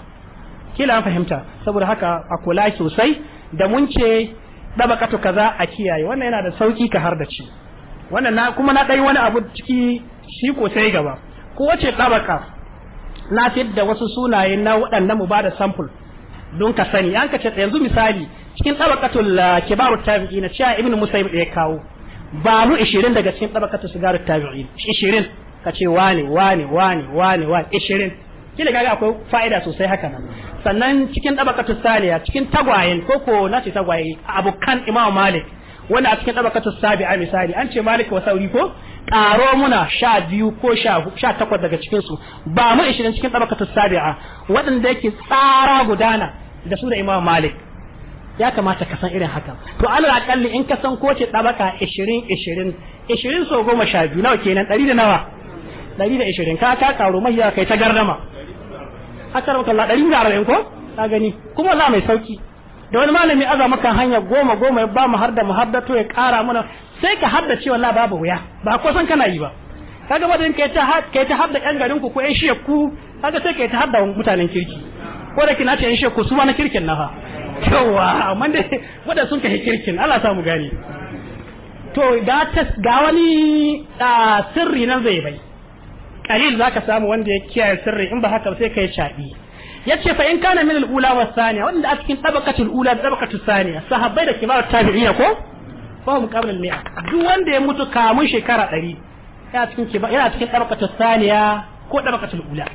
kila an fahimta saboda haka a kula sosai da mun ce tsabakatu kaza a kiyaye wannan yana da sauki ka har da ci wannan na kuma na ɗai wani abu ciki shi ko sai gaba ko wace tabaka na da wasu sunaye na waɗannan mu ba da sample don ka sani an ka ce yanzu misali cikin tabaqatul ah, kibarut tabi'in cewa ibnu musayyib da ya kawo ba mu 20 daga cikin tabaqatul sigarut tabi'in 20 ka ce wani wani wani wani wani 20 kila kaga akwai fa'ida sosai haka nan sannan cikin tabaqatul saliya cikin tagwayen koko na ce tagwaye abokan imam malik wanda a cikin tabaqatul sabi'a misali an ce malik wa sauri ko ƙaro muna sha biyu ko sha takwas daga cikinsu ba mu ishirin cikin ta sabi'a waɗanda yake tsara gudana da su da imam malik ya kamata ka san irin haka to an akalli in ka san ko ce tsabaka ishirin ishirin ishirin so goma sha biyu nawa kenan ɗari da nawa ɗari da ishirin ka ka ƙaro mahiya kai ta gardama akar maka Allah ɗari da arba'in ko ka gani kuma Allah mai sauki da wani malami aza maka hanya goma goma ya ba mu har da mu har da to ya ƙara mana sai ka haddace wallahi babu wuya ba ko san kana yi ba kaga wadan kai ta kai ta hadda yan garin ku ko yan shekku kaga sai kai ta hadda mutanen kirki ko da kina ta yan ku su ma na kirkin na fa yawa amma dai wada sun kai kirkin Allah samu gani to ga ga wani sirri nan zai bai kalil zaka samu wanda ya kiyaye sirri in ba haka sai kai chaɗi yace fa in kana min al-ula wa thaniya wanda a cikin tabaqatul ula da tabaqatul thaniya sahabbai da kibar tabi'ina ko ba mu qabla al-mi'a duk wanda ya mutu kamun shekara 100 yana cikin kiba yana cikin darbaqatul thaniya ko darbaqatul ula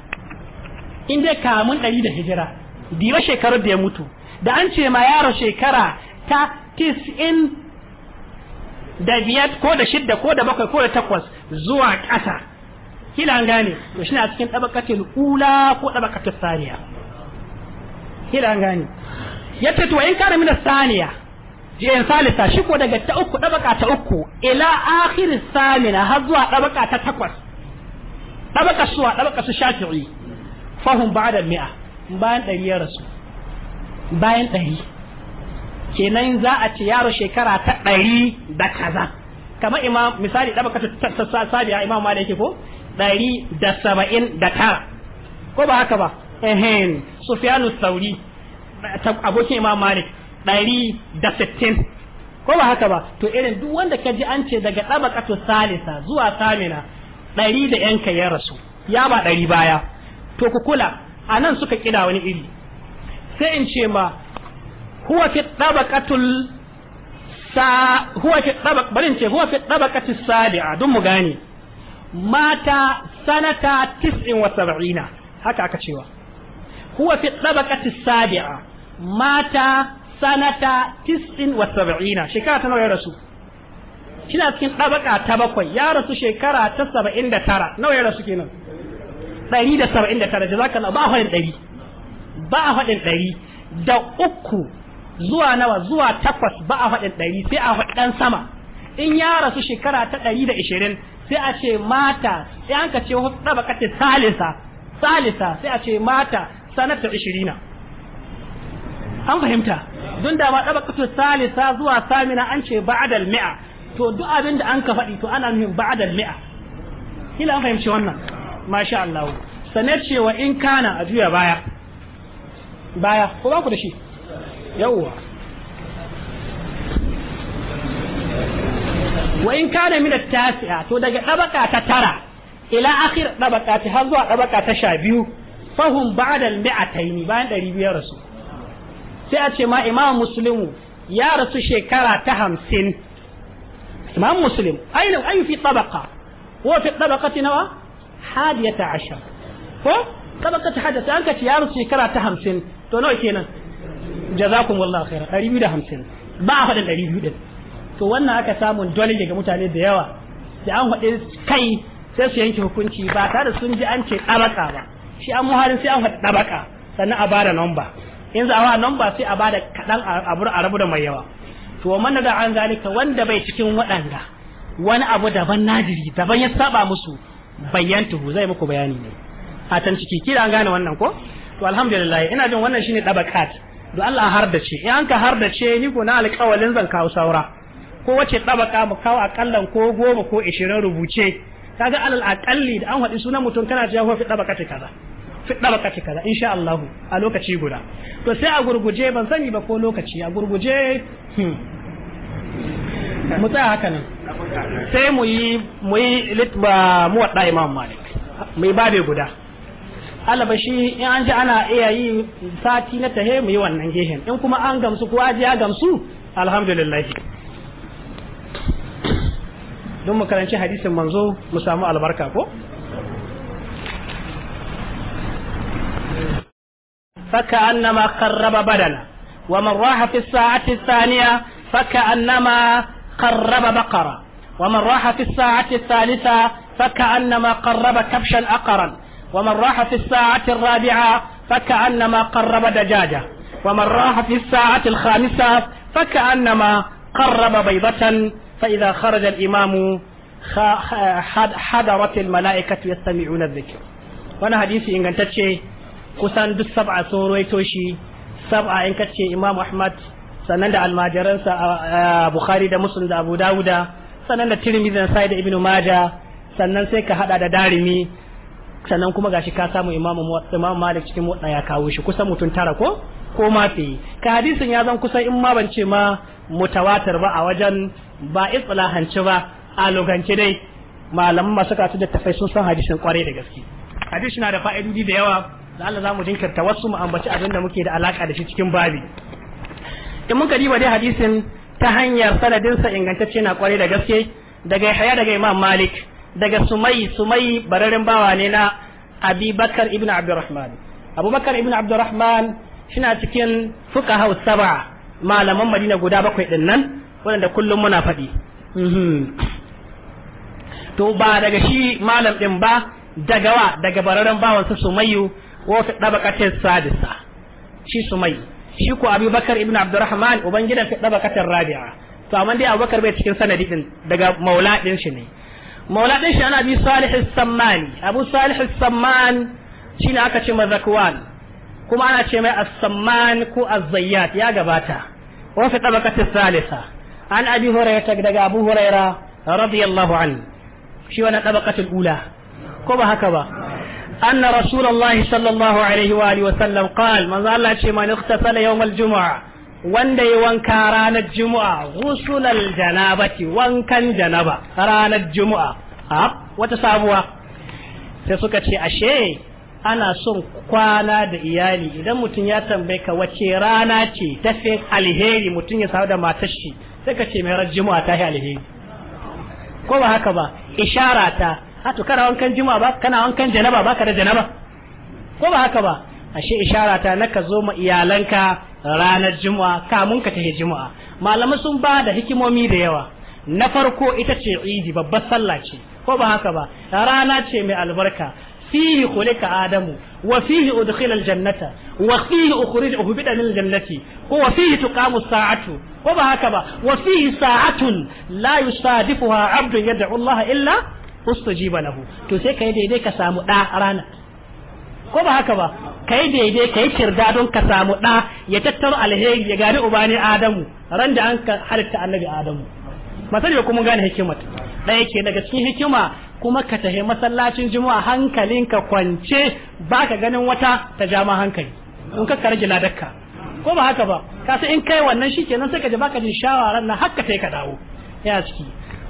in dai kamun ɗari da hijira diwa shekarar da ya mutu da an ce ma yaro shekara ta 90 da biyar ko da shidda ko da bakwai ko da takwas zuwa ƙasa kila an gane to shi na cikin ɗabakatul ula ko ɗabakatul saniya kila an gane ya ce to in kana mina saniya jiyan salisa shi ko daga ta uku ɗabaka ta uku ila akhir samina har zuwa ɗabaka ta takwas ɗabaka suwa ɗabaka su shafi'i fahim ba da mi'a bayan ɗari ya rasu bayan ɗari kenan za a ce yaro shekara ta ɗari da kaza kamar imam misali ɗabaka ta sabiya imam ma da yake ko ɗari da saba'in da tara ko ba haka ba ehen sufyanu sauri abokin imam malik ɗari da sittin ko ba haka ba to irin duk wanda ka ji an ce daga ɗabakatu salisa zuwa samina ɗari da yanka ya rasu ya ba ɗari baya to ku kula a nan suka kida wani iri sai in ce ma huwa fi ɗabakatul sa huwa fi ce huwa fi sadi'a don mu gane mata sanata tis'in wa sab'ina haka aka cewa huwa fi sadi'a mata sanata tis'in wa saba'ina shekara ta nawa ya rasu shina cikin tabaka ta bakwai ya rasu shekara ta saba'in da tara nawa ya rasu kenan Saba'in da da tara 179 jazakallahu ba hadin dari. ba hadin dari da uku zuwa nawa zuwa takwas ba a haɗin dari sai a ɗan sama in ya rasu shekara ta da ishirin sai a ce mata sai an ka ce tabaka ta salisa salisa sai a ce mata sanata ishirina. an fahimta don da ma ba dabaqatu salisa zuwa samina an ce ba'adal mi'a to duk abin da an ka faɗi to ana nufin ba'adal mi'a kila an fahimci wannan masha Allah sanar cewa in kana a juya baya baya ko ba ku da shi yawwa wa in kana min at-tasi'a to daga dabaka ta tara ila akhir dabaka ta har zuwa dabaka ta sha biyu fahum ba'da al-mi'atayn bayan 200 rasul sai a ce ma imam muslimu ya rasu shekara ta hamsin imam muslim aina ayu fi tabaqa wa fi tabaqati nawa hadiyata ashar ko tabaqati hadiyata an kace ya rasu shekara ta hamsin to nawa kenan jazakumullahu khairan 250 ba a faɗin biyu din to wannan aka samun dole daga mutane da yawa da an faɗi kai sai su yanke hukunci ba tare sun ji an ce tabaka ba shi an muhalin sai an faɗi tabaka sannan a bada nomba in za a nan ba sai a bada kaɗan a rabu da mai yawa to man da an zalika wanda bai cikin waɗanda wani abu daban nadiri daban ya saba musu bayyanta hu, zai muku bayani ne a tan ciki kira an gane wannan ko to alhamdulillah ina jin wannan shine dabakat do Allah har da ce in an ka har da ce ni ko na alƙawalin zan kawo saura ko wace dabaka mu kawo akallan ko goma ko 20 rubuce kaga alal aqalli da an haɗi sunan mutum kana cewa fi dabakata kaza fi ɗabakaci kaza insha Allah a lokaci guda to sai a gurguje ban sani ba ko lokaci a gurguje hmm. mu tsaya haka nan sai mu yi mu yi litba mu wadda imam malik mu yi babe guda alaba shi in an ji ana iya yi sati na tahe mu yi wannan gehen in kuma an gamsu ko aji ya gamsu alhamdulillah don mu karanci hadisin manzo mu samu albarka ko فكأنما قرب بدنا ومن راح في الساعة الثانية فكأنما قرب بقرة ومن راح في الساعة الثالثة فكأنما قرب كبشا أقرا ومن راح في الساعة الرابعة فكأنما قرب دجاجة ومن راح في الساعة الخامسة فكأنما قرب بيضة فإذا خرج الإمام حضرت الملائكة يستمعون الذكر وأنا حديثي إن kusan duk sab'a sun ruwaito shi sab'a in ce imam ahmad sannan da almajiransa bukhari da muslim da abu dawuda sannan da tirmidhi da ibn maja sannan sai ka hada da darimi sannan kuma gashi ka samu imam imam malik cikin mutna ya kawo shi kusan mutun tara ko ko ma fi ka hadisin ya zan kusan in ma ban ce ma mutawatir ba a wajen ba islahanci ba a logance dai malaman masu kasu da tafai sun san hadisin kwarai da gaske hadisi na da fa'idodi da yawa za mu jinkirta wasu mu ambaci abin da muke da alaka da shi cikin babi in muka diba dai hadisin ta hanyar sanadinsa ingantacce na kwarai da gaske daga Yahya daga Imam Malik daga Sumai Sumai bararin bawa ne na Abi Bakar ibn Abdurrahman Abu Bakar ibn Abdurrahman shina cikin fuqaha sab'a malaman Madina guda bakwai din nan waɗanda kullum muna faɗi mhm. to ba daga shi malam ɗin ba daga wa daga bararin bawansa Sumayyu wa fi dabaqatin sadisa shi sumai shi ko abubakar ibn abdurrahman ubangidan fi dabaqatin rabi'a to amma dai abubakar bai cikin sanadi din daga maula din shi ne maula din shi ana bi salih as abu salih as-samman ne aka ce mazakwan kuma ana ce mai as-samman ko az-zayyat ya gabata wa fi ta salisa an abi hurairah daga abu hurairah radiyallahu anhu shi wannan ta ula ko ba haka ba أن رسول الله صلى الله عليه وآله وسلم قال من ظل من اغتسل يوم الجمعة wanda ya wanka ranar juma'a gusulal janabati wankan janaba ranar juma'a a wata sabuwa sai suka ce ashe ana son kwana da iyali idan mutum ya tambaye ka wace rana ce ta fi alheri mutum ya samu da matar shi sai ka ce mai ran juma'a ta fi alheri ko ba haka ba isharata. ha to kana wankan juma ba kana wankan janaba ba ka da janaba ko ba haka ba ashe ishara ta na ka zo ma iyalanka ranar juma'a kamun ka tafi juma'a malamai sun ba da hikimomi da yawa na farko ita ce idi babbar sallah ce ko ba haka ba rana ce mai albarka fihi khuliqa adamu wa fihi udkhila aljannata wa fihi ukhrijuhu bidan jannati ko wa fihi tuqamu sa'atu ko ba haka ba wa fihi sa'atun la yusadifuha 'abdun yad'u Allah illa ustujiba lahu to sai kai daidai ka samu da rana ko ba haka ba kai daidai kai kirda don ka samu ɗa ya tattaro alheri ya uba ubani adamu ran da an ka halitta annabi adamu masal ya kuma gane hikimar ɗaya ke daga cikin hikima kuma ka tahe masallacin juma'a ka kwance baka ganin wata ta jama hankali in ka rage ladakka ko ba haka ba ka in kai wannan shi shikenan sai ka je baka jin shawaran na hakka sai ka dawo ya ciki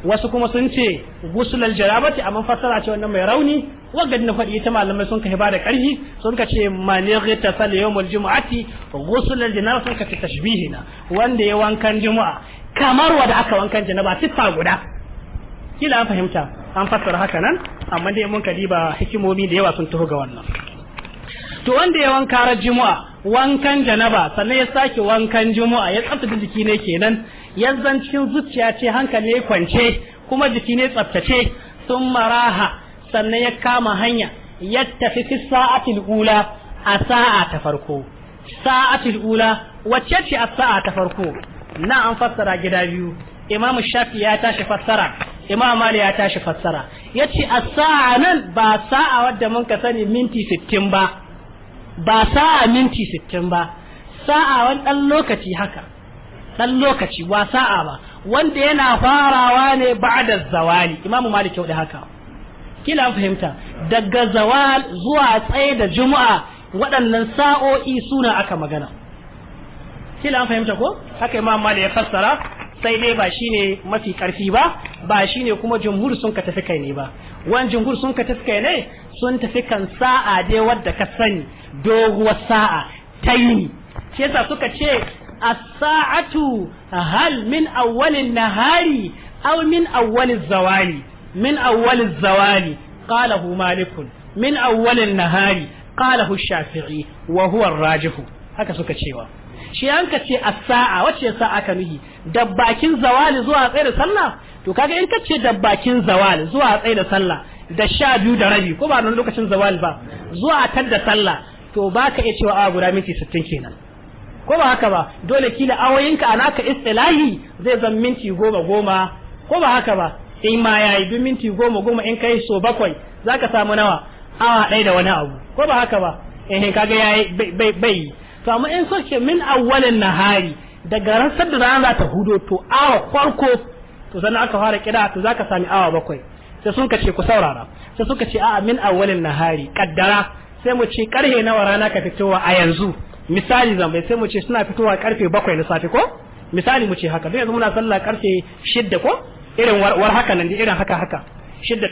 wasu kuma sun ce gusulal jarabati amma fassara ce wannan mai rauni wagadin na faɗi ita malamai sun kai ba da ƙarfi sun ka ce manighi tasal yawmul jumu'ati gusulal janaba sun ka ce tashbihina wanda ya wankan jumu'a kamar wanda aka wankan jinaba tifa guda kila an fahimta an fassara haka nan amma dai mun ka diba hikimomi da yawa sun taho ga wannan to wanda ya wanka ran juma'a wankan janaba sannan ya sake wankan jumu'a ya tsaftace jiki ne kenan yanzan cikin zuciya ce hankali ya kwance kuma jiki ne tsaftace sun maraha sannan ya kama hanya ya tafi fi sa'atul ula a sa'a ta farko sa'atul ula wacce ce a sa'a ta farko na an fassara gida biyu imam shafi ya tashi fassara imam mali ya tashi fassara ya ce a sa'a nan ba sa'a wadda mun ka sani minti sittin ba ba sa'a minti sittin ba sa'a wani ɗan lokaci haka dan lokaci wa sa'a ba wanda yana farawa ne ba'da zawali imamu malik yau da haka kila fahimta daga zawal zuwa tsaye da juma'a waɗannan sa'o'i suna aka magana kila fahimta ko haka imamu malik ya fassara sai dai ba shine mafi ƙarfi ba ba shine kuma jumhur sun ka tafi kai ne ba wani jumhur sun ka tafi kai ne sun tafi kan sa'a dai wadda ka sani doguwar sa'a ta yini shi yasa suka ce as-sa'atu hal min awwalin nahari aw min awwaliz zawali min awwaliz zawali hu malikun min awwalin nahari qalahu shafi'i wa huwa ar-rajihu haka suka cewa shi an ka ce as-sa'a wacce sa'a ka nuhi da bakin zawali zuwa tsayar da sallah to kaga in ka ce da bakin zawali zuwa tsayar da sallah da sha biyu da rabi ko ba nan lokacin zawali ba zuwa tar da sallah to baka iya cewa a guda minti 60 kenan ko ba haka ba dole kila awoyinka a naka istilahi zai zan minti goma goma ko ba haka ba in ma ya yi duk minti goma goma in kai so bakwai za ka samu nawa awa ɗaya da wani abu ko ba haka ba eh kaga yayi bai bai to amma in soke min awwalin nahari daga ransar da rana za ta hudo to awa farko to sannan aka fara kira to za ka sami awa bakwai sai sun kace ku saurara sai suka ce a'a min awwalin nahari kaddara sai mu ce karhe nawa rana ka fitowa a yanzu misali zan bai sai mu ce suna fitowa karfe bakwai na safe ko misali mu ce haka don yanzu muna sallah karfe shidda ko irin war haka nan irin haka haka shidda